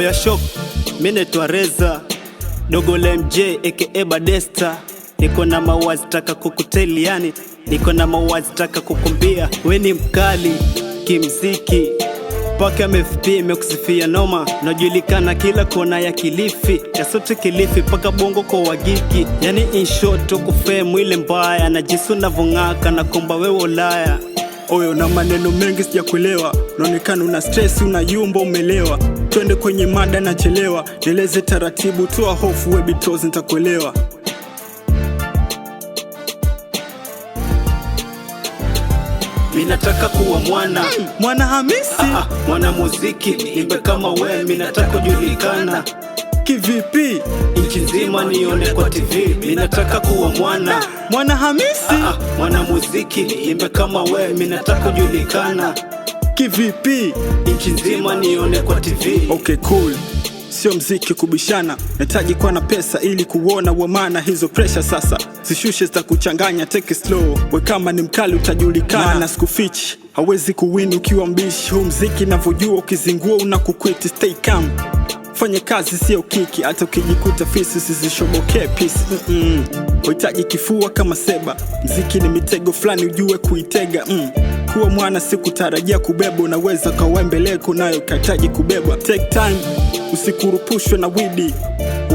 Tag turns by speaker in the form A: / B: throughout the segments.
A: Oya shop, mimi Reza Dogo lmj MJ Badesta, niko na mawazi taka kukuteli, yani niko na mawazi taka kukumbia, we ni mkali kimziki paka MFP imekusifia noma, najulikana kila kona ya Kilifi, ya sote Kilifi paka bongo kwa wagiki, yani inshoto kufemu ile mbaya na jisu navong'aka na komba wewe Ulaya
B: oyo na maneno mengi sijakuelewa, naonekana una stress, una yumba, umelewa. Twende kwenye mada, nachelewa, nieleze taratibu, toa hofu, we bitozi, nitakuelewa.
C: Minataka kuwa mwana
D: mwana Hamisi, ah, ah,
C: mwana muziki, imbe kama we, minataka kujulikana
D: kivipi?
C: Nchi nzima nione kwa TV, minataka kuwa mwana
D: mwana Hamisi, ah, ah,
C: mwana muziki, imbe kama we, minataka kujulikana
D: kivipi?
C: Nchi nzima nione kwa TV.
E: Okay, cool Sio mziki kubishana, nahitaji kuwa na pesa ili kuona wamana. Hizo pressure sasa zishushe, zitakuchanganya. Take it slow, we kama ni mkali utajulikana
F: na sikufichi, hawezi kuwini ukiwa mbishi. Huu mziki navyojua, ukizingua unakukwiti. Stay calm. Fanya kazi sio kiki, hata ukijikuta fisi usizishobokee pisi. mm kifua kama seba, mziki ni mitego fulani ujue kuitega. mm. Kuwa mwana sikutarajia kubebwa unaweza ukawembelea nayo kahitaji kubebwa.
G: Take time, usikurupushwe na widi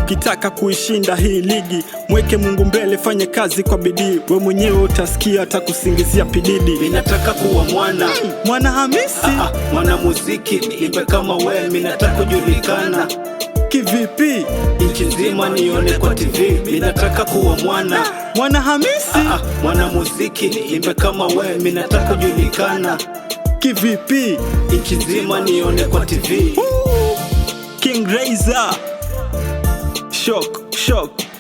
G: Ukitaka kuishinda hii ligi, mweke Mungu mbele, fanye kazi kwa bidii. We mwenyewe utasikia atakusingizia pididi.
C: Ninataka kuwa mwana
D: mwana Hamisi, ah, ah,
C: mwana muziki, nipe kama wewe, minataka kujulikana
D: Kivipi?
C: Nchi nzima nione kwa TV. Ninataka kuwa mwana
D: mwana Hamisi, ah,
C: mwana muziki, nipe kama we, minataka kujulikana.
D: Kivipi?
C: Nchi nzima nione kwa TV.
H: King Razor. shock, shock.